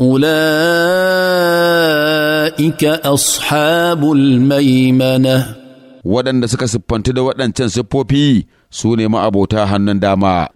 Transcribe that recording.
أولئك أصحاب الميمنة waɗanda suka siffanti da waɗancan siffofi su ne ma'abota hannun dama.